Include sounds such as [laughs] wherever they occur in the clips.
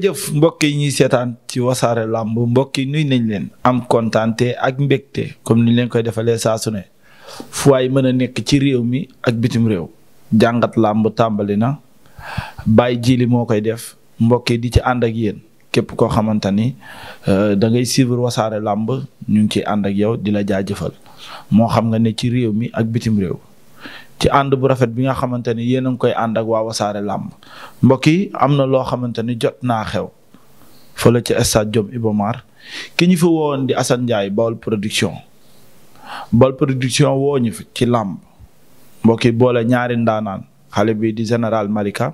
jëf mbokk yi ñuy seetaan ci wasaare làmb mbokk yi nuy nañ leen am kontaante ak mbégte comme ni leen koy defalee saa su ne fu waay mën a nekk ci réew mi ak bitim réew jàngat làmb tàmbali na bàyyi jiili moo koy def mbokk di ci ànd ak yéen képp koo xamante ni euh, da ngay suivre wasaare làmb ñu ngi ciy ànd ak yow di la jaajëfal moo xam nga ne ci réew mi ak bitim réew. ci ànd bu rafet bi nga xamante ni yéen a ngi koy ànd ak waa wasaare làmb mbokk yi am na loo xamante ni jot naa xew fële ci stade Jom Iba Mar ki ñu fi woon di Assane Ndiaye Baol production Baol production woo ñu fi ci làmb mbokk yi boole ñaari ndaanaan xale bi di général marika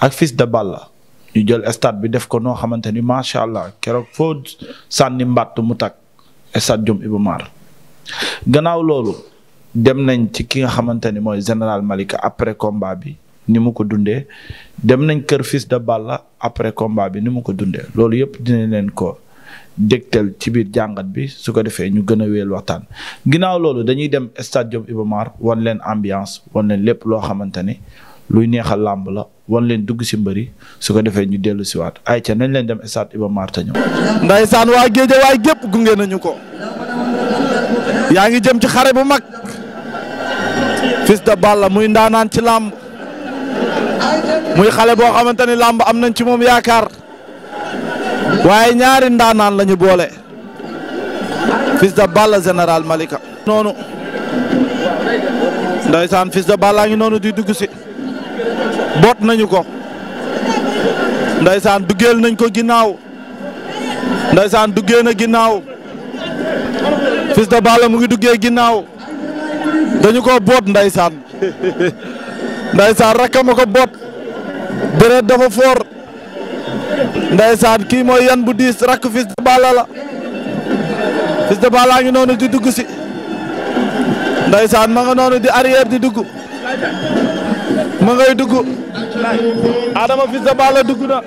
ak fils de Balla ñu jël stade bi def ko noo xamante ni macha allah keroog foo sànni mbàtt mu takk stade Jom Iba gannaaw loolu. dem nañ ci ki nga xamante ni mooy général Malika après komba bi ni mu ko dundee dem nañ kër fils de la après combat bi ni mu ko dundee loolu yëpp dina leen ko dégtal ci biir jàngat bi su ko defee ñu gën a wéyal waxtaan. ginnaaw loolu dañuy dem stade Diop Iba Mar wan leen ambiance wan leen lépp loo xamante ni luy neexal làmb la wan leen dugg si mbëri su ko defee ñu dellu si waat ay ca nañ leen dem stade Iba Mar te ñëw. waa géeje waay gépp gunge nañu ko. yaa ngi bu mag. Fils de Balla muy ndaanaan ci làmb muy xale boo xamante ni làmb am nañ ci moom yaakaar waaye ñaari ndaanaan lañu boole Fils de Balla général Malika. noonu ndeysaan Fils de Balla noonu di dugg si boot nañu ko ndeysaan duggeel nañ ko ginnaaw ndeysaan duggee na ginnaaw Fils de Balla mu ngi duggee ginnaaw. dañu ko boot ndeysaan ndeysaan rakkam a ko boot deret dafa foor ndeysaan kii mooy yan bu diis rakk Fils de Balla la Fils de noonu di dugg si ndeysaan ma nga noonu di arrière di dugg ma ngay dugg Adama Fils dugg na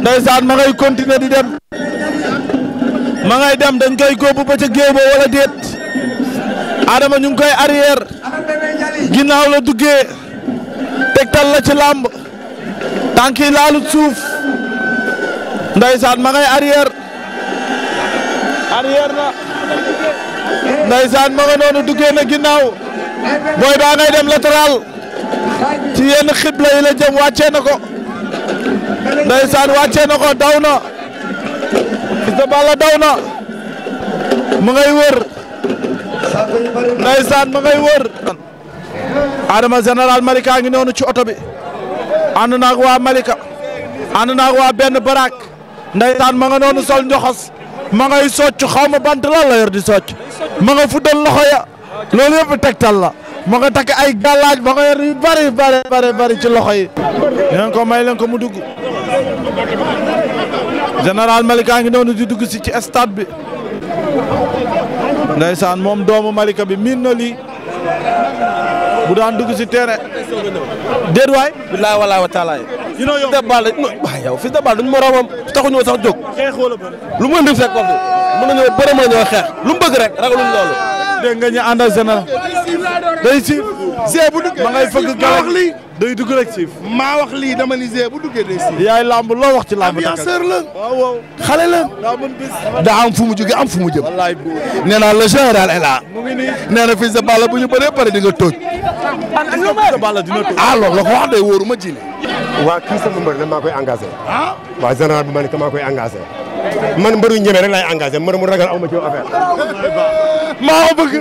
ndeysaan ma ngay continuer di dem ma ngay dem dañ koy góobu ba ca géew ba wala déet Adama ñu ngi koy arrière ginnaaw la duggee tegtal la ci làmb tànk yi laalut suuf ndeysaan ma ngay arrière arrière na ndeysaan ma nga noonu duggee na ginnaaw booy baa ngay dem latéral ci yenn xibla la jëm wàccee na ko ndeysaan wàccee na ko daw na Fils de daw na mu ngay wër ndeysaan ma ngay wër Adama général Malika ngi noonu ci oto bi ànd naag waa Malika ànd naag waa benn baraak ndeysaan ma nga noonu sol njoxos ma ngay socc xaw bant lan la yor di socc ma nga fuddal loxo ya loolu yëpp tegtal la ma nga takk ay gàllaaj ma nga yor yu bari bari bari bari ci loxo yi leen ko may leen ko mu dugg général Malika ngi noonu di dugg si ci stade bi ndeysaan moom doomu Malika bi miin na lii bu daan dugg si terrain. déet waay. bilaay walaay wa taalaay. yi noo yomb fii de Balla waaw yow fii de Balla duñ moroomam taxuñu sax jóg. lu mu indi fekk ko fi mën nañoo bëri xeex lu mu bëgg rek ragaluñ loolu. dégg nga ñu àndal général. day si. Zé bu dugg ma ngay fëgg gala. day dugg rek siif. maa wax lii dama ni Zé bu duggee day siif. yaay lamb wax ci lamb Dakar ambianceur la. waaw waaw xale la. daa mën bés. daa am fu mu jógee am fu mu jëm. wallaay bu nee naa le général est là. mu ngi nii nee na Fils de Balla bu ñu bëree pare di nga tóoj. Fils ah, la ko wax de wóoru ma ji. waa kii sama mbër la maa koy engagé. ah waa général ma ne que maa koy engagé. man mbëru ñeme laay engagé mbër mu ragal aw ma ci affaire. maa ko bëgg.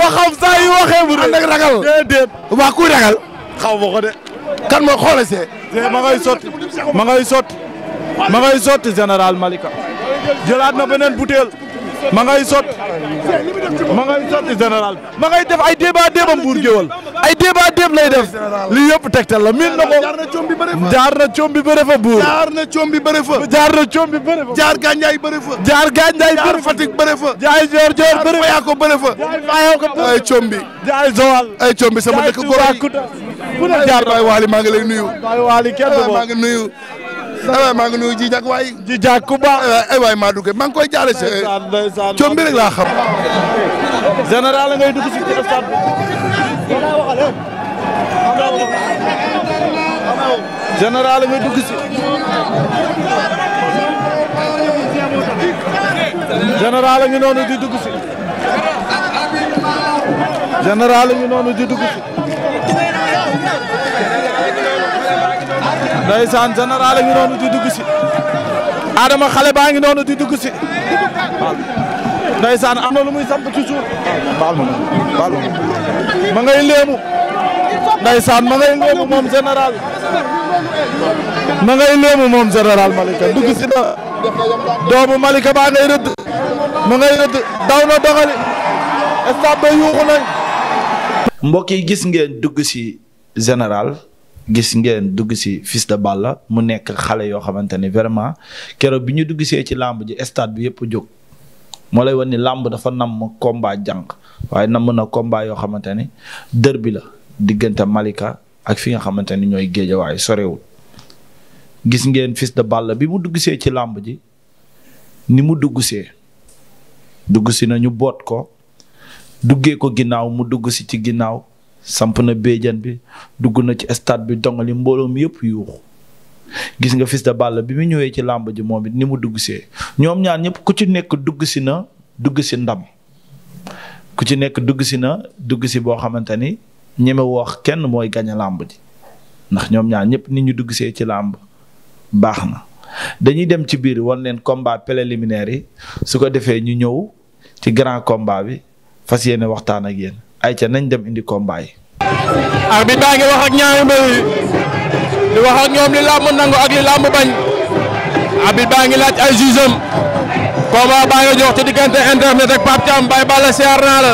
waxam saa waxee bu dee. ragal waa kuy ragal. xaw ma ko de. kan ma xoolal see. ma ngay sotti ma ngay sotti ma ngay sotti général Malika. jëlaat na beneen butéel. ma ngay sot ma ngay sotti général ma def ay débat déebam buur géwal ay débat déeb lay def li yëpp tegtal la miin na ko jaar na coom bi bëre fa na bi bëre buur jaar na coom bi bëre fa jaar na coom bi bëre fa jaar gànjaay bëre fa jaar gànjaay bëre fa Fatick bëre fa jaay joor joor bëre fa yaa ko bëre ay coom bi jaay zowal ay coom bi sama dëkk góor ku jaar bay waali maa ngi lay nuyu bay waali kenn maa aywaay eh, maa ngi nuyu ji jàkk waay. ji jàkk ku baax eh, eh, maa dugg maa ngi koy jaale si. coom bi xam. général dugg si ngi noonu di ngi noonu di dugg ndeysaan général a ngi noonu di dugg si Adama xale baa ngi noonu di dugg si saan am na lu muy samp ci suuf baal ma baal ma ngay léemu ndeysaan ma ma ngay léemu moom général Malika dugg si na doomu Malika baa ngay rëdd ma ngay rëdd daw na doxali stade ba yuuxu nañ mbokk yi gis ngeen dugg si général gis ngeen dugg si fis de la mu nekk xale yoo xamante ni vraiment keroog bi ñu dugg see ci làmb ji stade bi yëpp jóg moo lay wan ni làmb dafa namm komba jànq waaye namm na komba yoo xamante ni dër bi la diggante Malika ak fi nga xamante ni ñooy géejawaay sorewul gis ngeen fis de Balla bi mu dugg see ci làmb ji ni mu dugg see dugg si na ñu boot ko duggee ko ginnaaw mu dugg si ci ginnaaw samp na béjjan bi dugg na ci stade bi dongali mbooloo mi yëpp yuuxu gis nga Fils de bi mu ñëwee ci làmb ji moom it ni mu dugg see ñoom ñaan ñëpp ku ci nekk dugg si na dugg si ndam ku ci nekk dugg si na dugg si boo xamante ni ñeme wax kenn mooy gañ a làmb ji ndax ñoom ñaar ñëpp ñu dugg see ci làmb baax na dañuy dem ci biir wan leen combat préliminaire yi su ko defee ñu ñëw ci grand combat bi fas yéene waxtaan ak yéen. ayca nañ dem indi combat yi. arbitre baa ngi wax ak ñaari mbër yi wax ak ñoom li làmb nangu ak li làmb bañ arbitre baa ngi laaj ay juge am baa ngi jox ci diggante internet ak Pape Thiam Baye Balla siyaar naa la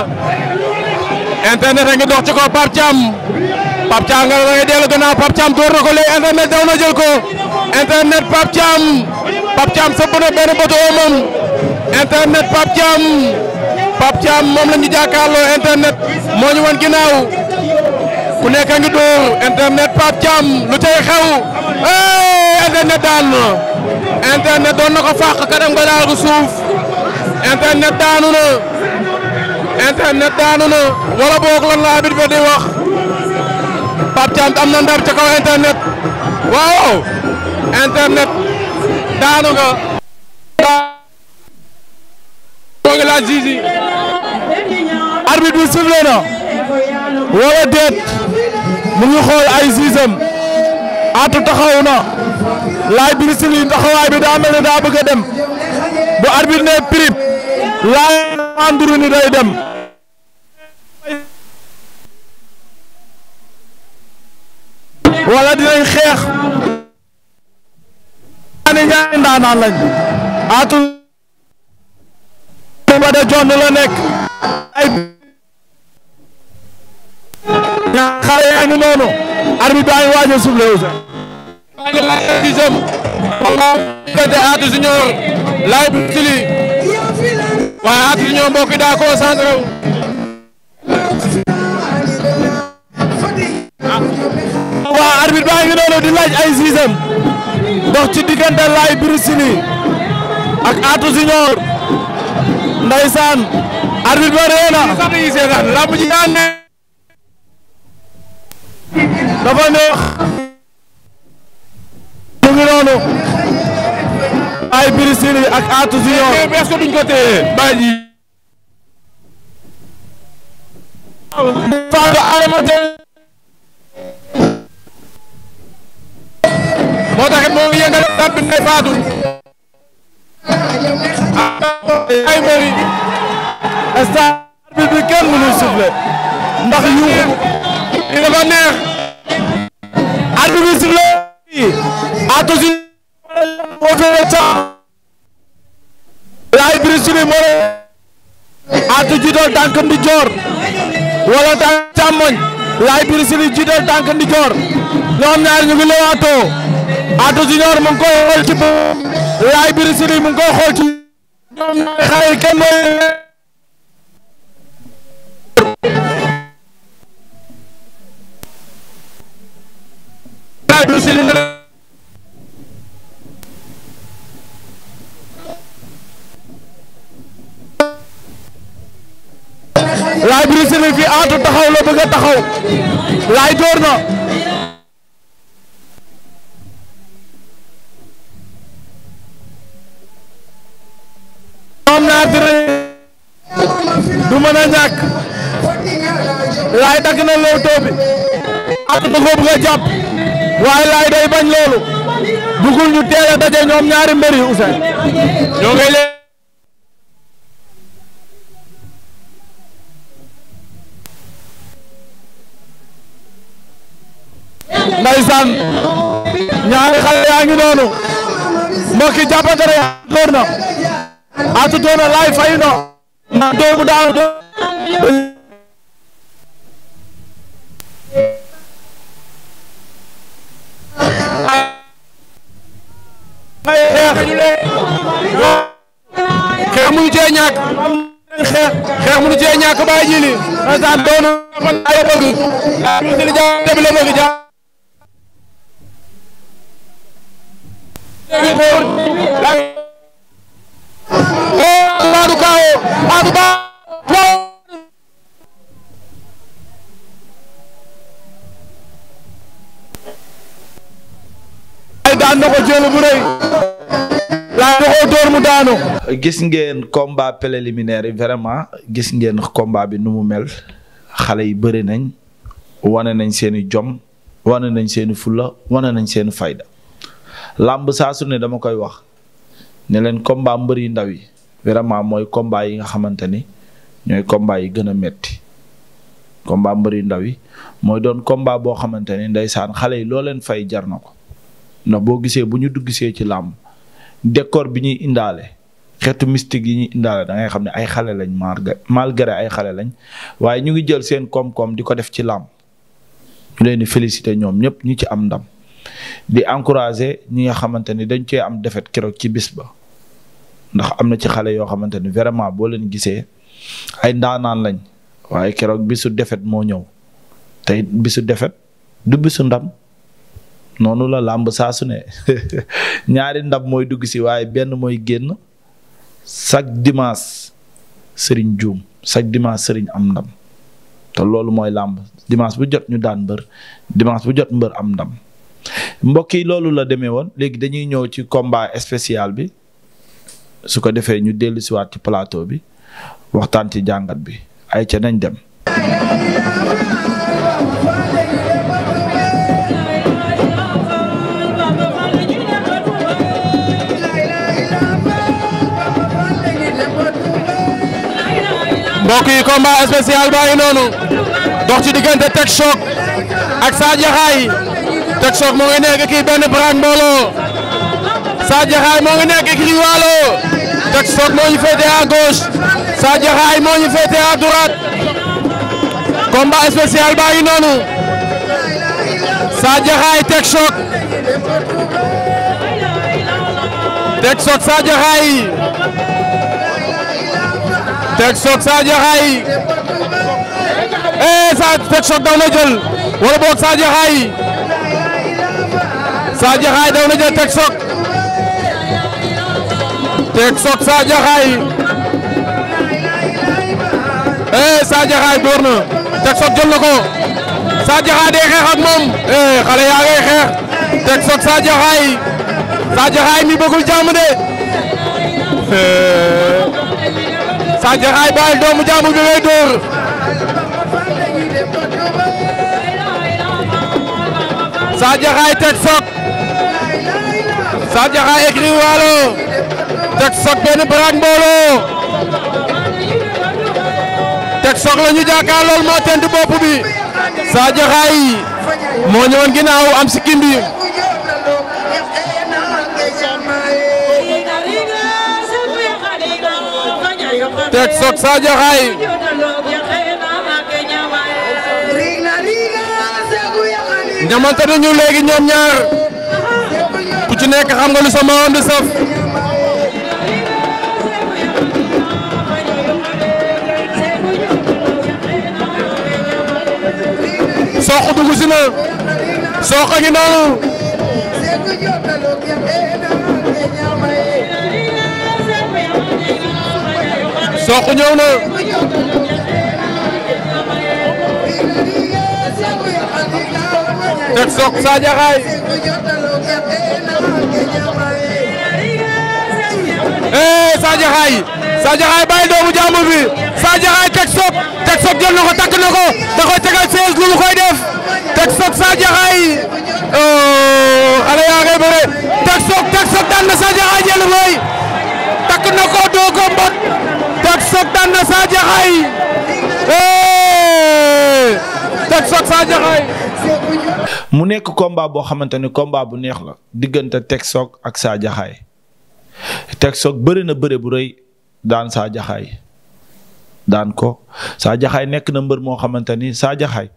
internet a ngi dox ci da ngay dellu gannaaw Pape Thiam door na ko léegi internet daw na jël ko internet Pape Pape Thiam moom la ñu jàkkaarloo internet moo ñu wan ginnaaw ku nekk a ngi dóor internet Pape Thiam lu cay xew internet daanu internet doon na ko fàq kanam nga daal ko suuf internet daanu na internet daanu na wala boog la habit ba di wax Pape Thiam am na ndam ca kaw internet waaw internet daanu nga. moo ngi ziizi arbitre bi sifflé na wala déet mu ngi xool ay siisam atu na laay bi sifflé taxawaay bi daa mel ne daa bëgg a dem bu arbitre ne prip laay ni day dem wala xeex ñaari ñaari ndaanaan lañ atu de jonn la ñaar xale yaa ngi noonu arbitre baa ngi waaj a soufflé waa arbitre baa ngi noonu di laaj ay siisam dox ci diggante laay ak Atou Junior ndeysaan arbitre ba réew na dafa neex ñu ngi noonu ay birisini ak Atou Junior est-ce que duñ ko téye bàyyi faatu arama te moo taxit moo ngi yëngal tàbbi nay faatu ay mbëri stade bi kenn mënul souffler ndax yuuxu li dafa neex arbitre si loolu ato si moo fee ca laay brise bi moo ato jiital tànk ndi joor wala tànk càmmoñ laay brise bi jiital tànk ndi joor ñoom ñaar ñu ngi lay ato ato junior mu ngi koy xool ci laay brise bi mu ngi koy xool ci ñoom ñaar xale kenn Bismillah laay biri fi aatu taxaw la bëgg a taxaw laay door du mën a ñàkk laay dagg na lewtoo bi aatu da koo bëgg jàpp waaye laay day bañ loolu bugul ñu teel daje ñoom ñaari mbër yi Ousseyn ñoo ngay leen ndeysaan ñaari xale yaa ngi noonu mbokki jàppante rek door na atu doona laay fay no na Baye Djily ndeysaan doon na la bëgg Djily jaay bi la bëgg jaay daan na ko jël bu rëy laay gis ngeen combat préliminaire yi vraiment gis ngeen combat bi nu mu mel xale yi bëri nañ wane nañ seeni jom wane nañ seeni i fulla wane nañ seeni fayda làmb saa su ne dama koy wax ne leen combat yu ndaw yi vraiment mooy combat yi nga xamante ni ñooy combat yi gën a metti combat mbër yu ndaw yi mooy doon combat boo xamante ni ndeysaan xale yi loo leen fay jar na ko ndax boo gisee bu ñu dugg see ci làmb décor bi ñuy indaale xeetu mystique yi ñuy indaale da ngay xam ne ay xale lañ malgré ay xale lañ waaye ñu ngi jël seen koom-koom di ko def ci làmb ñu leen di féliciter ñoom ñëpp ñu ci am ndam di encourager ñi nga xamante ni dañ cee am defet keroog ci bis ba ndax am na ci xale yoo xamante ni vraiment boo leen gisee ay ndaanaan lañ waaye keroog bisu defet moo ñëw tey bisu defet du bisu ndam. noonu la làmb saa su ne [laughs] ñaari ndab mooy dugg si waaye benn mooy génn sag dimanche sëriñ juum chaque dimanche sëriñ am ndam te loolu mooy làmb dimanche bu jot ñu daan mbër dimanche bu jot mbër am ndam mbokk yi loolu la demee woon léegi dañuy ñëw ci combat spécial bi su ko defee ñu dellu siwaat ci plateau bi waxtaan ci jàngat bi ay ca nañ dem mbokk yi combat spécial baa ngi noonu dox ci diggante Tek Choc ak Sa Diakhaay Tek moo ngi benn bras mbooloo Sa moo ngi nekk kii waalo moo ñu féete à gauche moo ñu féete à droite combat spécial noonu Sa Diakhaay Tek Choc Tek Choc Tek Choc Sadio Khaye eh sa Tek Choc daw na jël wala boog Sadio Khaye Sadio Khaye daw na jël Tek Choc Tek Choc Sadio Khaye eh Sadio Khaye door na Tek Choc jël na ko Sadio Khaye day xeex ak moom eh xale yaa ngay xeex Tek Choc Sadio Khaye Sadio Khaye mi bëggul jàmm de. Eh. Sadio Raay Baye doomu jaamu bi ngay dóor Sadio Raay teg sok Sadio Raay écrit waalo teg la ñu jàkkaar moo tent bopp bi Sadio Raay moo ñëwoon ginnaaw am si sok Sadio Khaye ñamante nañu léegi ñoom ñaar ku ci nekk xam nga lu sa Sokh ñëw na Tek Sokh Sa Diakhaay eh Sa Diakhaay Sa Diakhaay bàyyi doomu jaamu bi Sa Diakhaay Tek Sokh Tek Sokh jël na ko takk na ko da koy tegal séese lu mu koy def Tek Sokh Sa Diakhaay oh xale yaa ngay bëre Tek Sokh Tek Sokh daan na Sa Diakhaay jël mooy takk na ko doo ko mbot Tek Sok daan na mu nekk komba boo xamante ni combat bu neex la diggante Tek Sok ak Sa Diakhaay Tek Sok bëri na bëre bu rëy daan Sa Diakhaay daan ko Sa Diakhaay nekk na mbër moo xamante ni Sa Diakhaay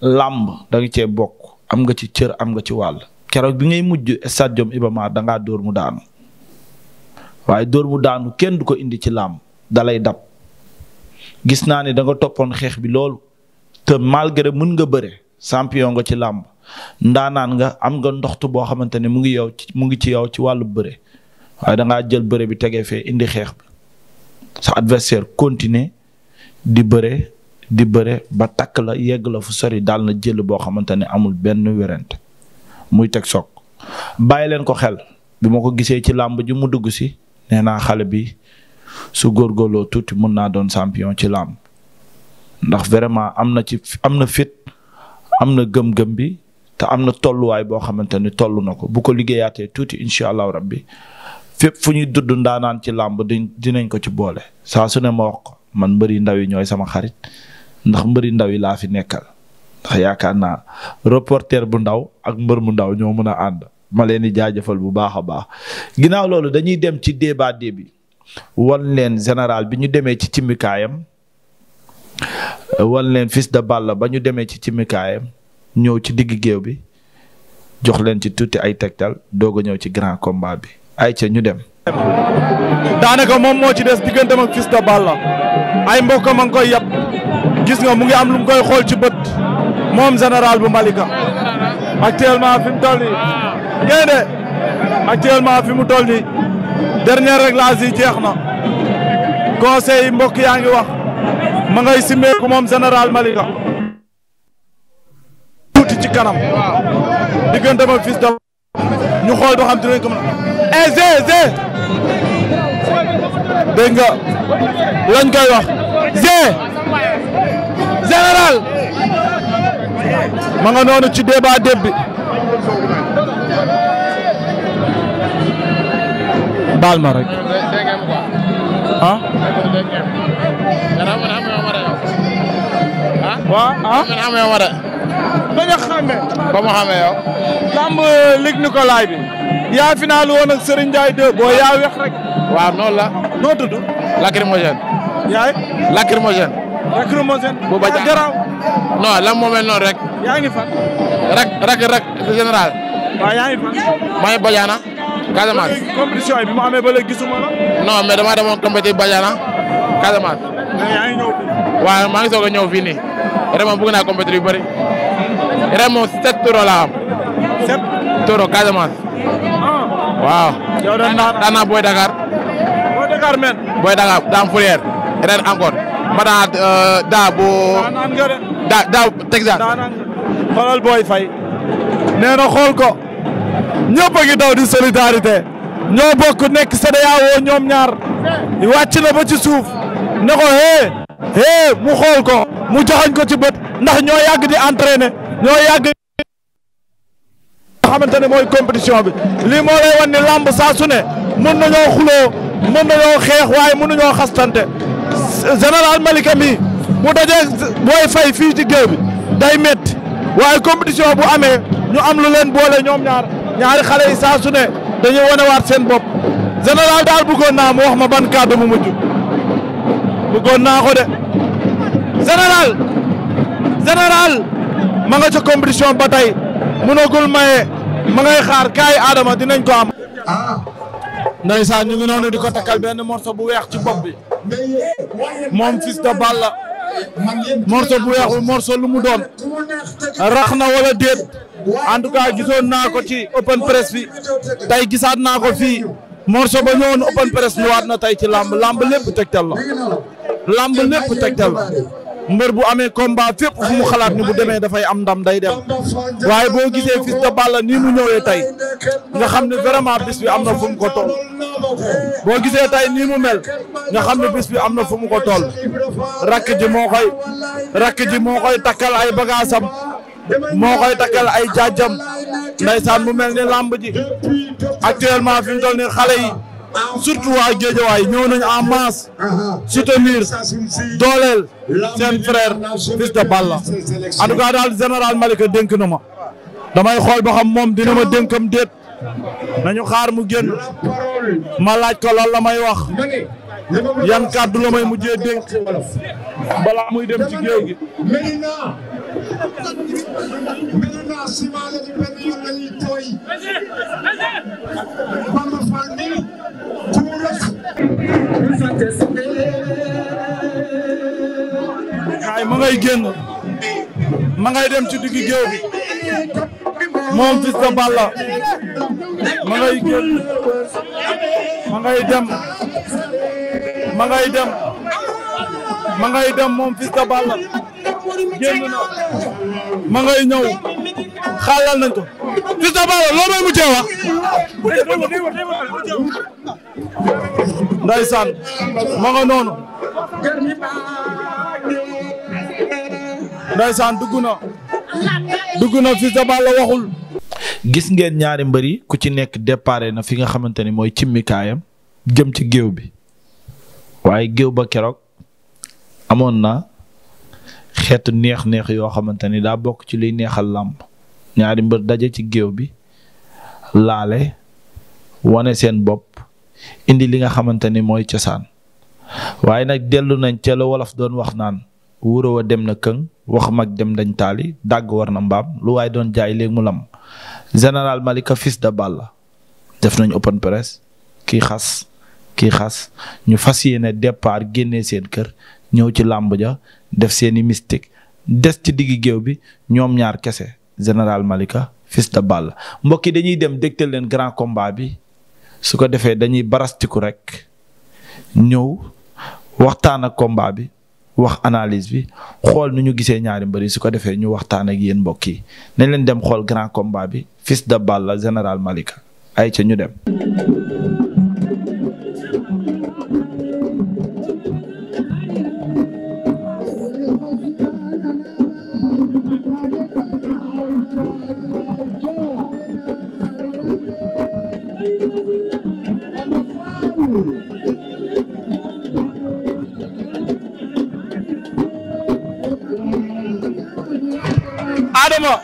làmb da nga cee bokk am nga ci cër am nga ci wàll keroog bi ngay mujj stade Iba Mar dangaa dóor mu daanu waaye dóor mu daanu kenn du ko indi ci làmb dalay dab gis naa ni da toppoon xeex bi loolu te malgré mën nga bëre champion nga ci làmb ndaanaan nga am nga ndoxtu boo xamante ne mu ngi yow mu ngi ci yow ci wàllu bëre waaye da jël bëre bi tegee fee indi xeex bi sa adversaire continuer di bëre di bëre ba takk la yegg la fu sori daal na jël boo xamante ne amul benn werante muy teg soog bàyyi leen ko xel bi ma ko gisee ci làmb ji mu dugg si nee xale bi su góor góorgóorloo tuuti mun naa doon champion ci làmb ndax vraiment am na ci am na fit am na gëm-gëm bi te am na tolluwaay boo xamante ni toll na ko bu ko liggéeyaatee tuuti incha allahu rabbi fépp fu ñuy dudd ndaanaan ci làmb di dinañ ko ci boole saa su ne ma wax ko man mbëri ndaw yi ñooy sama xarit ndax mbëri ndaw yi laa fi nekkal ndax yaakaar naa reporter bu ndaw ak mbër mu ndaw ñoo mën a ànd ma leen di jaajëfal bu baax a baax ginnaaw loolu dañuy dem ci débat bi wan leen général bi ñu demee ci cimikaayam wan leen fils de Balla ba ñu demee ci cimikaayam ñëw ci digg géew bi jox leen ci tuuti ay tegtal doog a ñëw ci grand combat bi ay ca ñu dem. daanaka moom moo ci des digganteem ak fils de Balla ay mbokkam a ngi koy yab gis nga mu ngi am lu mu koy xool ci bët moom général bu Malika actuellement fi mu toll nii. Ah. génne actuellement fi mu toll nii. dernier réglage yi jeex na conseil mbokk yaa ngi wax ma ngay simmeeku moom général Malika tuuti ci kanam diggante ma fils de ñu xool ba xam dinañ ko mën a g eh, g dégg nga lañ koy wax g général ma nga noonu ci débat déb bi baal ma rek. ah. waaw ah. bañ a xàmmee. ba ma xàmmee yow. lamb Luc Nicolaï bi. yaa final woon ak Serigne Ndiaye 2 boo yaa wex rek. waaw noonu la. noo tudd. lacrymogène. yaay. lacrymogène. lacrymogène. bu ba jaaxal non lan moo mel noonu rek. yaa ngi fan. rek rek rek général. waaw yaa ngi fan. maa ngi Badiana. Casamance. compétition bi mu amee ba léegi gisuma la. non mais damaa demoon compétit Badiana Casamance. maa ngi soog a ñëw fii nii ren moom bëgg naa compétit yu bëri ren moom sept toro laa am. sept toro Casamance. Ah. waaw. yow daan naa daan naa Boy daan euh, daa Texas. xoolal Boy Faye. nee na ko. ñëpp a ngi daw di solidarité ñoo bokk nekk CEDEAO ñoom ñaar wàcc na ba ci suuf ne ko hee hee mu xool ko mu joxañ ko ci bët ndax ñoo yàgg di entraîner ñoo yàgg xamante ne mooy compétition bi lii moo lay wan ni làmb saa su ne mën nañoo xuloo mën nañoo xeex waaye mënuñoo xastante général Malika mi bu dajee booy fay fii ci géew bi day metti waaye compétition bu amee ñu am lu leen boole ñoom ñaar ñaari xale yi saa su ne dañuy wanewaat seen bopp général daal bëggoon naa mu wax ma ban kàddu mu mujj bëggoon naa ko de général général ma nga ca compétition ba tey mënagul maye ma ngay xaar kaay Adama dinañ ko am. ah. ndeysaan ñu noonu di ko takkal benn morso bu weex ci bopp bi moom fils de balle la morceau bu weex bi morceau lu mu doon rax na wala déet. en tout cas gisoon naa ko ci open press bi tey gisaat naa ko fii morceau ba ñëwoon open press ñëwaat na tey ci làmb làmb lépp tegtal la làmb lépp tegtal la mbër bu amee combat fépp fu mu xalaat ni bu demee dafay am ndam day dem waaye boo gisee Fils de Balla nii mu ñëwee tey nga xam ne vraiment bis bi am na fu mu ko toll boo gisee tey nii mu mel nga xam ne bis bi am na fu mu ko tool rakk ji moo koy rakk ji moo koy takkal ay bagaasam moo koy takkal ay jaajam ndaysaan mu mel ni làmb ji actuellement fi mu toll nii xale yi surtout waa Géejawaay ñëw nañu en masse soutenir dooleel seen frère fils de Balla en tout cas daal général Malika dénk na ma damay xool ba xam moom dina ma dénkam déet nañu xaar mu génn ma laaj ko lan la may wax yan kàddu la may mujjee dénk balaa muy dem ci géew gi mel ni ku mu def kaay ma ngay génn dem ci diggi géew bi moom Fils de Balla ma ngay dem ma ngay dem ma ngay moom Fils de génn na ma ngay ñëw xaalal nañ ko. Fils de Balla loo may mujjee wax. Ndeysaan ma nga noonu. Ndeysaan dugg na dugg na Fils de Balla waxul. gis ngeen ñaari mbër ku ci nekk déparé na fi nga xamante ni mooy cimikaayam jëm ci géew bi waaye géew ba keroog amoon na xeetu neex-neex yoo xamante ni daa bokk ci luy neexal làmp ñaari mbër daje ci géew bi laale wane seen bopp indi li nga xamante ni mooy cosaan waaye nag dellu nañ ca la wolof doon wax naan wuro dem na këng wax mag dem dañ taali dàgg war na mbaam lu waaye doon jaay léegi mu lam général Malika fils de Balla def nañ open press kii xas ki xas ñu fas yéene départ génne seen kër ñëw ci làmb ja def seeni mystique des ci digg géew bi ñoom ñaar kese général Malika fils de Balla mbokk yi dañuy dem dégtal leen grand combat bi su ko defee dañuy barastiku rek ñëw waxtaan ak combat bi wax analyse bi xool nu ñu gisee ñaari mbari su ko defee ñu waxtaan ak yéen mbokk yi nañ leen dem xool grand combat bi fils de Balla général Malika ay ca ñu dem. Adama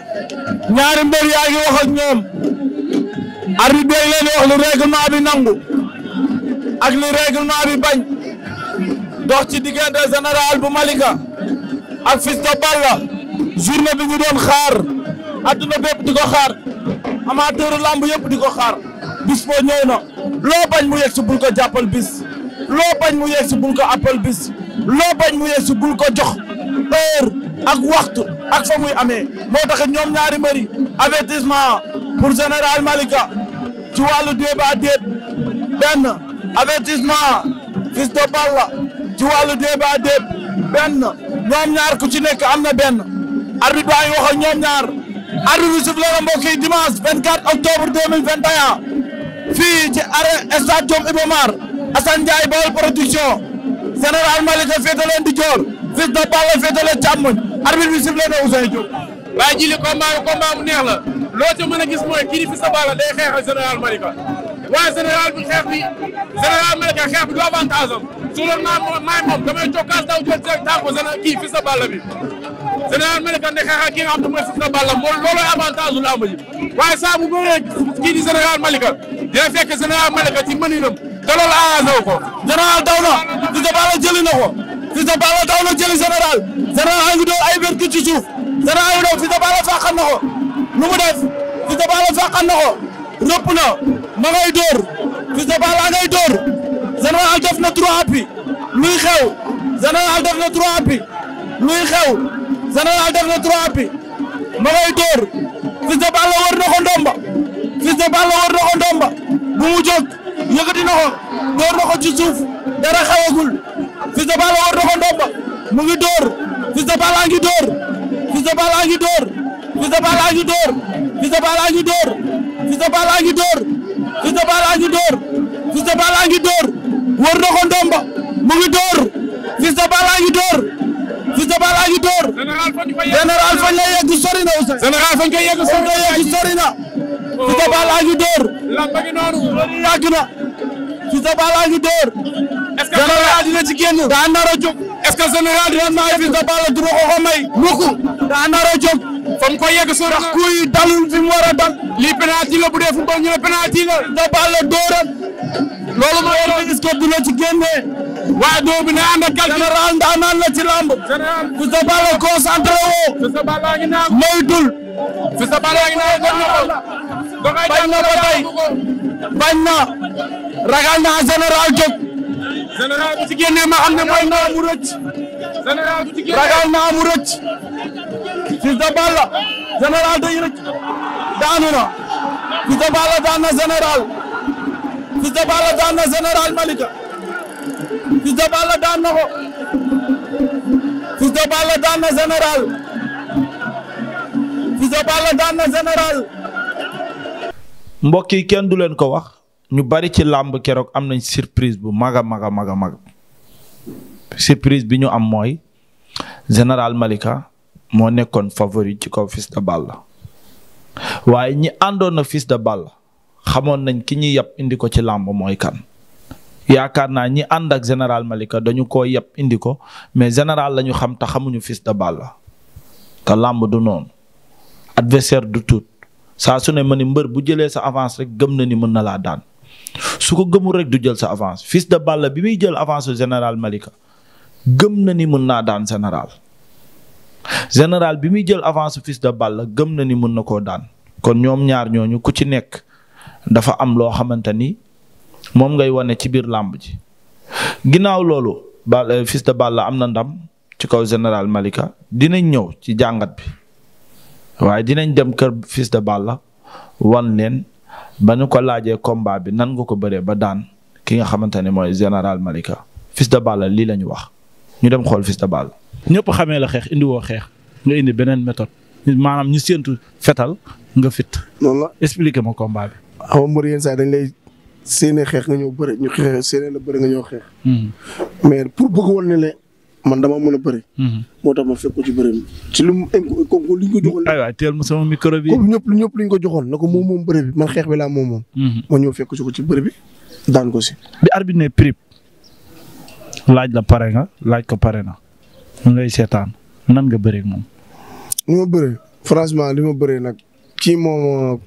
ñaari mbër yaa ngi wax ak ñoom arbitre leen wax lu règlement bi ak lu règlement bi ak Fils de Balla journée bi ñu doon xaar adduna bépp di ko xaar amateur lamb yëpp di ko bis boo ñëw loo bañ mu yegg si bul ko bis loo bañ mu yegg bul ko appal ak waxtu ak fa ame moo tax ñoom ñaari mbëri avertissement pour général Malika ci wàllu débat déet benn avertissement fils de Balla ci wàllu débat ñoom ñaar ku ci nekk am na benn arbitre baa ngi wax ak ñoom ñaar arbitre bi sifflé na mbokk yi dimanche 24 octobre 2021 fii ci arène stade Iba Malika féete leen di joor fils de arbitre bi sifflé na Ousseynou Diop. waaye jili combat bi combat bu neex la loo ci mën a gis mooy kii fi sa bala day xeexal général Malika waaye général bi xeex bi général Malika xeex bi du avantage am su doon maa maay moom damay cokkaas daw jël seen kii fi sa bi. général Malika ne xeex ak ki nga xam ne mooy fi sa bala moom looloo avantage waaye saa bu bëree kii di général Malika day fekk général Malika ci mëninam te loolu arrangé wu na di sa Fils de Balla daw na jëli général ay vertu ci suuf général a ngi doon Fils de Balla fàqan lu mu def Fils de Balla fàqan na ko na ma ngay dóor Fils de Balla ngay dóor def na trois appuis luy xew général def na trois appuis luy xew général def na trois appuis ma ngay dóor Fils de Balla war ndomba Fils de Balla war na ndomba bu mu jóg yëkkati na ko ci suuf dara xewagul Fils de Balla war na ko ndomba mu ngi door Fils de Balla ngi door Fils de Balla ngi door Fils de Balla ngi door Fils de Balla ngi door Fils de Balla ngi door Fils de Balla ngi door Fils de Balla ngi door war na ko ndomba mu ngi door Fils de Balla ngi door Fils de Balla ngi door général fañ la yegg sori na Ousseyn général fañ koy yegg sori na Fils de Balla ngi door yàgg na Fils de Balla ngi door est-ce que ci génn. daa nar a jóg. est-ce que général fi sa balla du ma ko mukk daa nar a jóg. fa mu ko yegg soo fi mu war a dal. lii penalty la bu dee football ñu ne penalty la. sa balla na ci lamb. général fi sa balla concentré fi sa na ko. bañ na ko na ragal naa général bu ci génnee ma xam ne mooy naa mu rëcc. général bu ci génnee ragal naa mu rëcc. Fils rëcc daanu na. Fils de Balla Balla général Malika. Fils de na ko. Balla daan na général. Fils de Balla daan na général. mbokk yi kenn du leen ko wax. ñu bari ci làmb keroog am nañ surprise bu mag a mag a mag a mag surprise bi ñu am mooy général Malika moo nekkoon favori ci kaw Fils de Balla waaye ñi àndoon na Fils de Balla xamoon nañ ki ñuy yab indi ko ci làmb mooy kan. yaakaar naa ñi ànd ak général Malika dañu ko yab indi ko mais général la ñu xam te xamuñu Fils de la te làmb du noonu adversaire du tuut saa su ne ma ni mbër bu jëlee sa avance rek gëm na ni mën na laa daan. su ko gëmul rek du jël sa avance fils de Balla bi muy jël avance général Malika gëm na ni mën naa daan général général bi muy jël avance fils de Balla gëm na ni mën na koo daan kon ñoom ñaar ñooñu ku ci nekk dafa am loo xamante ni moom ngay wane ci biir làmb ji ginnaaw loolu Balla euh, fils de Balla am na ndam ci kaw général Malika dinañ ñëw ci jàngat bi waaye dinañ dem kër fils de Balla wan leen ba ñu ko laajee combat bi nan nga ko bëree ba daan ki nga xamante ne mooy général Malika Fils de Balla lii la ñu wax ñu dem xool Fils de Balla. ñëpp xamee la xeex indi woo xeex nga indi beneen méthode maanaam ñu séentu fetal nga fit. noonu la expliquer ma combat bi. awa mbër yenn saa dañ lay séenee xeex nga ñëw bëri ñu xeex séenee la bëri nga ñëw xeex. Hmm. mais pour bëgg woon ne man dama mën a bëri. Mhm. moo tax ma fekk ci bëri mi ci lu mu comme li ñu ko joxoon. ñëpp ñëpp ñu ko joxoon na ko moom moom bëri bi man xeex bi laa moom moom. ma ñëw fekk ko ci bëri bi daan ko si. bi arbitre ne prip laaj la pare nga laaj ko pare na mu ngay seetaan nan nga bëree moom. li ma bëree franchement li ma bëre nag kii moom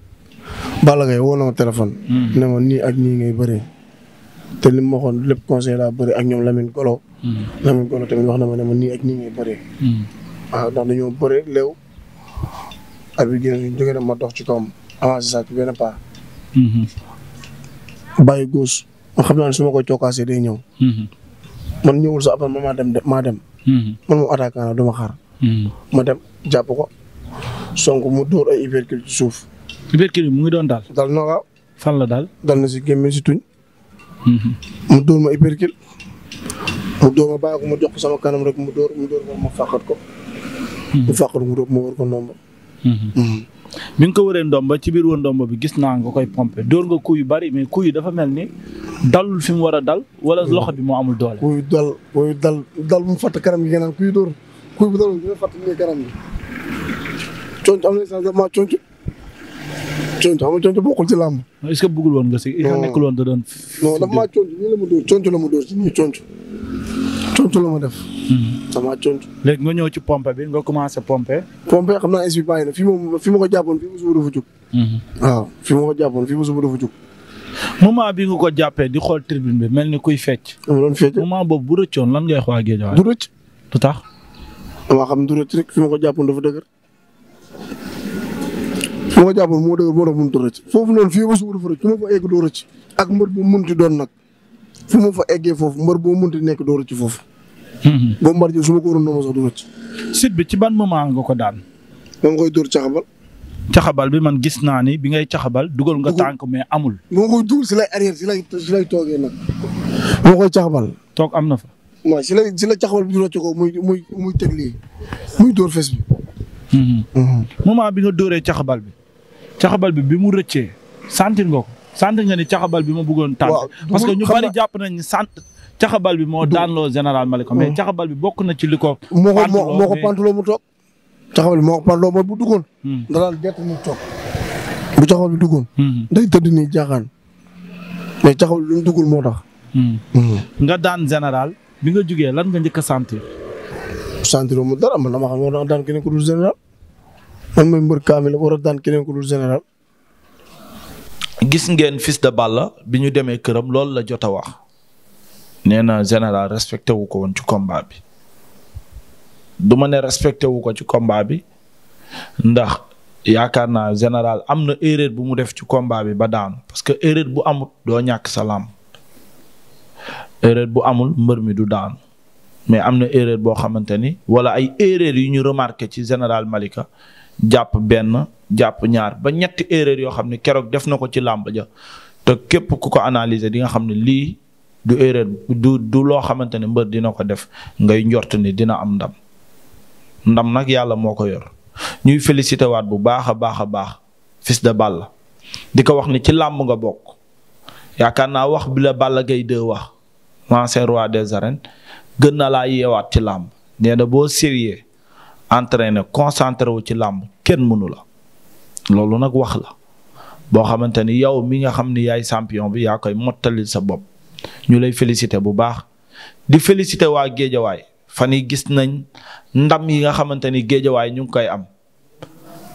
Balla Gaye woo na ma téléphone. Mhm. ne nii ak nii ngay bëree. te li ma waxoon lépp conseil laa bëri ak ñoom Lamine Golo. Hmm. Lamine Golo tamit wax na ma ne ma nii ak nii ngay bëree. Hmm. waaw ndax dañoo bëri léew. at bi génn na ma dox ci kawam avancé sax benn pas. Hmm. bàyyi góos ma xam naa ne su ma koy cookaasee day ñëw. man ñëwul sax après maa dem maa dem. ma xaar. ma dem jàpp ko. sonk mu dóor ay uppercut suuf. uppercut mu ngi doon daal. dal la daal. dal na si gémmiñ si tuñ. mu dóor ma hypercule mu dóor ma bàyyi ko ma jox sama kanam rek mu dóor mu dóor ma ma ko. mu fàqat mu dóor ma war ko ndomba. bi nga ko waree ndomba ci biir woon ndomba bi gis naa nga koy pompe dóor nga kuy yu bari mais kuy yi dafa mel ni dalul fi mu war a dal. wala loxo bi mu amul doole. kuy dal kuy dal dal mu fàtt kanam gi nga naan dóor kuy bu dal dina fàtt nii kanam gi. coono am na sens ma coono. conc xam nga conc bokkul ci làmb. est-ce que bëggul woon nga si. non nekkul woon da doon. non dafa maa conc nii la ma dóor conc la ma dóor si nii conc. conc la ma def. Hmm. damaa conc. léegi nga ñëw ci pompe bi nga commencé pompe. pompe xam naa est-ce que bàyyi na fi ma fi ma ko jàppoon fii ma suba dafa jóg. Hmm. waaw fi ma ko jàppoon fii ma suba dafa jóg. moment bi nga ko jàppee di xool tribune bi mel ni kuy fecc. dama doon fecc moment boobu bu rëccoon lan ngay wax waa Guédiawaye. du rëcc. du tax. damaa xam du rëcc rek fi ma ko jàppoon dafa dëgër. moo jàppoon moo dëgër moo tax mënut a rëcc foofu noonu fii ba suba dafa rëcc fu ma fa egg doo rëcc ak mbër bu munti doon nag fu ma fa foofu mbar boo munti nekk doo rëcc foofu. Hmm. boobu mbar ji su ma ko waroon doo ma sax du rëcc. sit bi ci ban moment nga ko daan. dama koy dóor caxabal. caxabal bi man gis naa ni bi ngay caxabal dugal nga tànk mais amul. bi ma koy dugal si lay arrière si toogee nag. bi ma koy caxabal. toog am na fa. waaw si lay si la caxabal bi du rëcc ko muy muy muy teg lii muy dóor fes bi. Hmm. Hmm. bi nga dóoree caxabal bi. caxabal bi bi mu rëccee sentir nga ko sentir bi ma bëggoon tànn. parce que ñu bari jàpp nañ sant caxabal bi moo daanloo général Malika. mais mm. caxabal bi bokk na ci li ko. moo ko moo ko pantaloo mu toog. caxabal bi moo ko pantaloo mooy bu duggoon. Mm. da daan gerte mu toog. bu caxabal bi duggoon. Mm. day tëdd nii jaaxaan. mais caxabal bi mu duggul moo tax. nga daan général bi nga jugee lan nga njëkk a sentir. sentir mu dara man dama xam war man mooy mbër kaamil war a daan keneen ku dul général. gis ngeen Fils de Balla bi ñu demee këram loolu la jot a wax nee na général respecté wu ko woon ci combat bi du ma ne respecté wu ko ci combat bi ndax yaakaar naa général am na erreur bu mu def ci combat bi ba daanu parce que erreur bu amul doo ñàkk salaam làmb bu amul mbër mi du daan mais am na erreur boo xamante ni wala ay erreur yu ñu remarqué ci général Malika. jàpp benn jàpp ñaar ba ñetti erreur yoo xam ne keroog def na ko ci làmb ja te képp ku ko analyser di nga xam ne lii du erreur du du loo xamante ne mbër dina ko def ngay njort ni dina am ndam ndam nag yàlla moo ko yor ñuy félicité waat bu baax a baax a baax fis de Balla di ko wax ni ci làmb nga bokk yaakaar naa wax bi la Balla Gaye wax l'ancien roi des arènes gën na laa yeewaat ci làmb nee boo sérieux entraîné concentré wu ci làmb kenn mënu la loolu nag wax la boo xamante ni yow mi nga xam ni yaay champion bi yaa koy mottalil sa bopp ñu lay félicité bu baax di félicité waa géejawaay fan yi gis nañ ndam yi nga xamante ni géejawaay ñu ngi koy am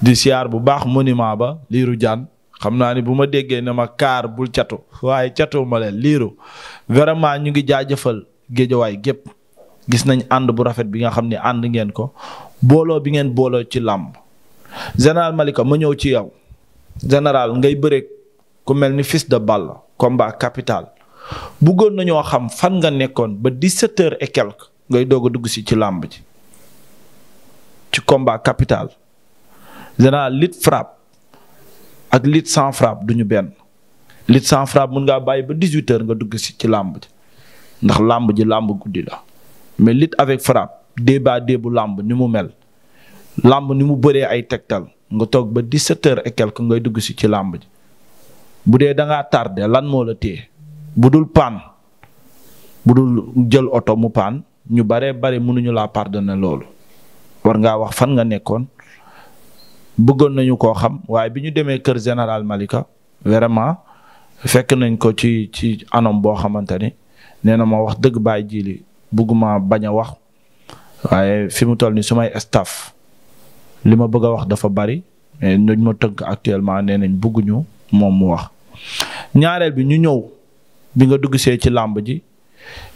di siyaar bu baax monument ba liiru jaan xam naa ni bu ma déggee ne ma kaar bul catu waaye catu ma leen liiru vraiment ñu ngi jaajëfal géejawaay gépp gis nañ ànd bu rafet bi nga xam ne ànd ngeen ko booloo bi ngeen booloo ci làmb général Malika ma ñëw ci yow général ngay bëreeg ku mel ni Fils de Balle combat capital bëggoon nañoo xam fan nga nekkoon ba 17 heures et quelque ngay doog a dugg si ci làmb ji ci combat capital général lit frappe ak lit sans frappe du benn lit sans frappe mun ngaa bàyyi ba 18 heures nga dugg si ci làmb ji ndax làmb ji làmb guddi la mais lit avec frappe. débat débu làmb ni mu mel làmb ni mu bëree ay tegtal nga toog ba 17 heures et quelque ngay dugg si ci làmb ji bu dee da ngaa tardé lan moo la téye bu dul paan bu dul jël oto mu paan ñu baree bari mënuñu laa pardonner loolu war ngaa wax fan nga nekkoon bëggoon nañu ko xam waaye bi ñu demee kër général Malika vraiment fekk nañ ko ci ci anam boo xamante ni nee na ma wax dëgg bàyyi jiili bëgguma bañ a wax waaye fi mu toll nii sumay staff li ma bëgg a wax dafa bari mais nuñ ma tëgg actuellement nee bugguñu moom mu wax. ñaareel bi ñu ñëw bi nga dugg see ci làmb ji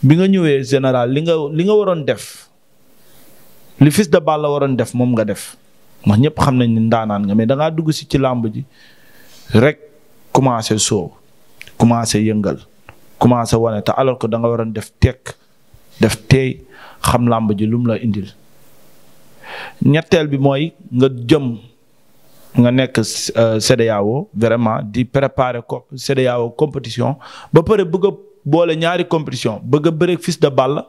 bi nga ñëwee général li nga li nga waroon def li Fils de la waroon def moom nga def ndax ñëpp xam nañ ni ndaanaan nga mais da dugg si ci làmb ji rek commencé soow commencé yëngal commencé wane te alors que da nga waroon def tekk def teey xam làmb ji lum la indil ñetteel bi mooy nga jëm nga nekk euh, CEDEAO vraiment di prépare ko CEDEAO compétition ba pare bëgg boole ñaari compétition bëgg a bëre de Balla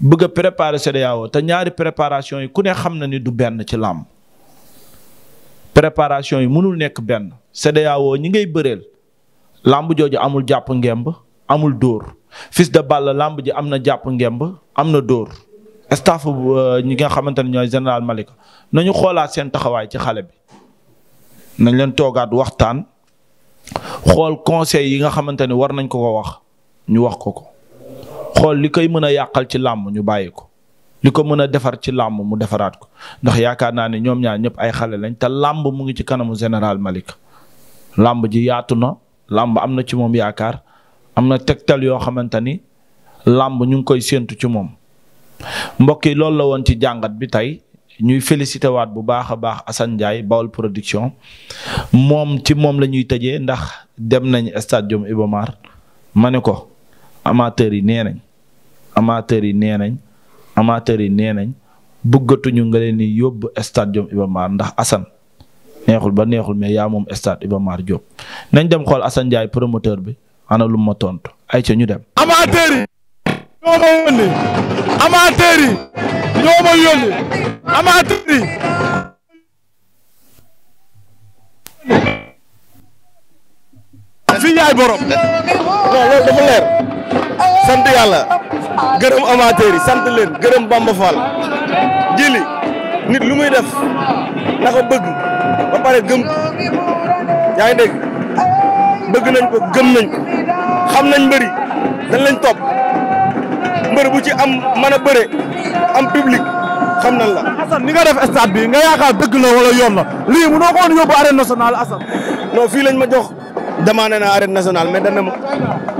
bëgg prépare préparer te ñaari préparation yi ku ne xam na ni du benn ci làmb préparation yi mënul nekk benn CEDEAO ñi ngay bëreel làmb jooju amul jàpp ngemb amul dóor Fils de Balla làmb ji am na jàpp ngemb am na dóor staff euh, ñi nga xamante ne ñooy général Malika nañu xoolaat seen taxawaay ci xale bi nañ leen toogaat waxtaan xool conseil yi nga xamante ne war nañ ko ko wax ñu wax ko ko xool li koy mën a yàqal ci làmb ñu bàyyi ko li ko mën a defar ci làmb mu defaraat ko ndax yaakaar naa ne ñoom ñaar ñëpp ay xale lañ te làmb mu ngi ci kanamu général Malick làmb ji yaatu na làmb am na ci moom yaakaar am na tegtal yoo xamante ni làmb ñu ngi koy séentu ci moom mbokk yi loolu la woon ci jàngat bi tey ñuy félicité waat bu baax a baax Assane Ndiaye Baol production moom ci moom la ñuy tëjee ndax dem nañ stadium Iba Mar ma ne ko amateurs yi nee nañ amateurs yi nee nañ amateurs yi nee nañ bëggatuñu nga leen di yóbbu stadium Iba Mar ndax Assane neexul ba neexul mais yaa moom stade Iba Mar nañ dem xool Assane Ndiaye promoteur bi. ana lu ma tontu ay ca ñu dem. amateur yi ñoo ma yónni amateur yi ñoo ma yónni amateur yi. fii yaay borom. non loolu dafa leer sant yàlla gërëm amateur yi sant leen gërëm Bamba Fall jili nit lu muy def na bëgg ba pare gëm ngi dégg. bëgg nañ ko gëm nañ ko xam nañ mbëri dañ lañ topp mbër bu ci am mën a bëre am public xam nañ la. Assane ni nga def stade bi nga yaakaar dëgg la wala yoon la lii mënoo ko woon yóbbu arène nationale Assane. non fii lañ ma jox demandé na arène nationale mais dana ma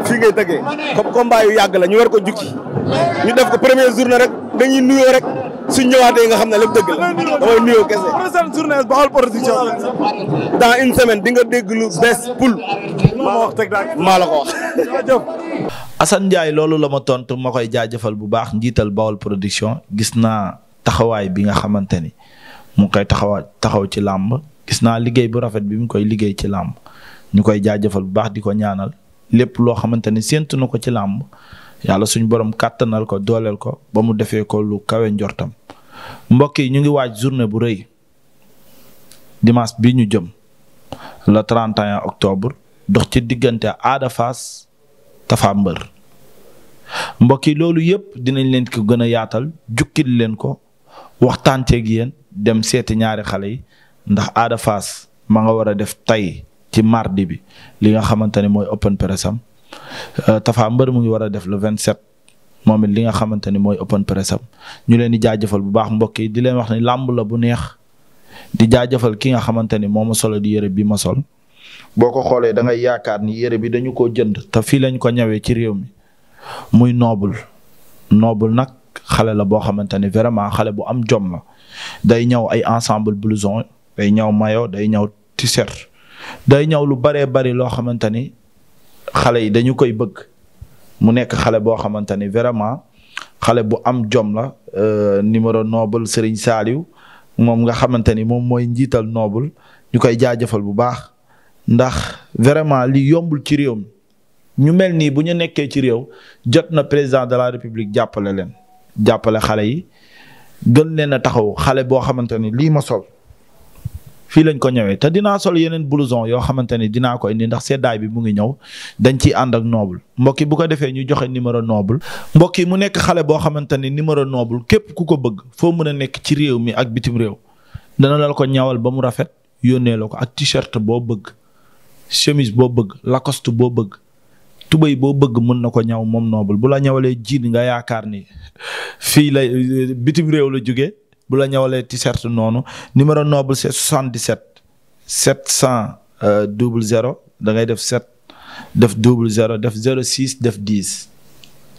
fii ngay tëggee comme combat yu yàgg la ñu war ko jukki ñu def ko premier journée rek dañuy nuyoo rek. suñ ñëwaatee nga xam ne lépp dëgg la damay nuyoo kese. prochaine Production. dans une semaine di nga dégg lu bees pul. maa la loolu la ma tontu ma koy jaajëfal bu baax njiital Baol Production gis naa taxawaay bi nga xamante ni mu ngi koy taxawaay taxaw ci làmb gis naa liggéey bu rafet bi mu koy liggéey ci làmb ñu koy jaajëfal bu baax di ko ñaanal lépp loo xamante ni séntu na ko ci làmb. yàlla suñu borom kàttanal ko dooleel ko ba mu defee ko lu kawe njortam mbokk yi ñu ngi waaj journée bu rëy dimanche bi ñu jëm le 31 octobre dox ci diggante Ada Fass Tapha Mbeur mbokk yi loolu yëpp dinañ leen ko gën a yaatal jukkit leen ko waxtaan ceeg yéen dem seeti ñaari xale yi ndax Ada ma nga war a def tey ci mardi bi li nga xamante ne mooy open press am Euh, Tafa mbër mu ngi war a def le 27 moom it li nga xamante ni mooy open press ñu leen di jaajafal bu baax mbokk yi di leen wax ni làmb bu neex di jaajëfal ki nga xamante ni moo ma solo di yëre bi ma sol. boo ko xoolee dangay ngay yaakaar ni yëre bi dañu koo jënd te fii lañ ko ñëwee ci réew mi muy noobul noobul nag xale la boo xamante ni vraiment xale bu am jomma day ñëw ay ensemble blouson day ñëw maillot day ñëw t day ñëw lu baree bari loo xamante xale yi dañu koy bëgg mu nekk xale boo xamante ni vraiment xale bu am jom la euh, numéro noble Serigne Saliou moom nga xamante ni moom mooy njiital noble ñu koy jaajëfal bu baax ndax vraiment li yombul ci réew mi ñu mel nii bu ñu nekkee ci réew jot na président de la république jàppale leen jàppale xale yi gën leen a taxaw xale boo xamante ni lii ma sol fii lañ ko ñëwee te dinaa sol yeneen blouson yoo xamante ni dinaa ko indi ndax seddaay bi mu ngi ñëw dañ ciy ànd ak noble mbokki bu ko defee ñu joxe numéro noble mbokki mu nekk xale boo xamante ni numéro noble képp ku ko bëgg foo mën a nekk ci réew mi ak bitim réew dana la ko ñawal ba mu rafet yónnee la ko ak t-shirt boo bëgg chemise boo bëgg lacoste boo bëgg tubéy boo bëgg mën na ko ñaw moom noble bu la ñawalee jiin nga yaakaar ni fii la bitim réew la jóge bu la ñëwalee t-shirt noonu numéro noble c'est 77 700 euh, double zéro da ngay def 7 def double zéro def 06 def 10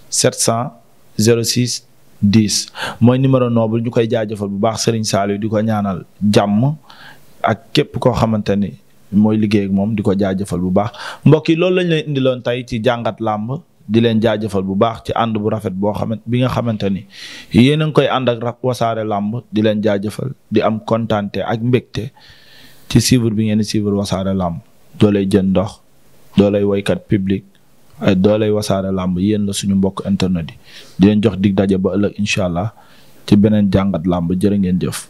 700 06 10 mooy numéro noble ñu koy jaajëfal bu baax Serigne Saliou di ko ñaanal jàmm ak képp koo xamante ni mooy liggéey ak moom di ko jaajëfal bu baax mbokk yi loolu lañ leen indiloon tey ci jàngat làmb di leen jaajëfal bu baax ci ànd bu rafet boo xamante bi nga xamante ni yéen a ngi koy ànd ak wasaare làmb di leen jaajëfal di am kontaante ak mbégte ci suivre bi ngeen di wasaare làmb doo lay jën ndox doo lay woykat public eh, doo lay wasaare làmb yéen la suñu mbokk internet yi di leen jox dig daje ba ëllëg incha allah ci beneen jàngat làmb jërë ngeen jëf.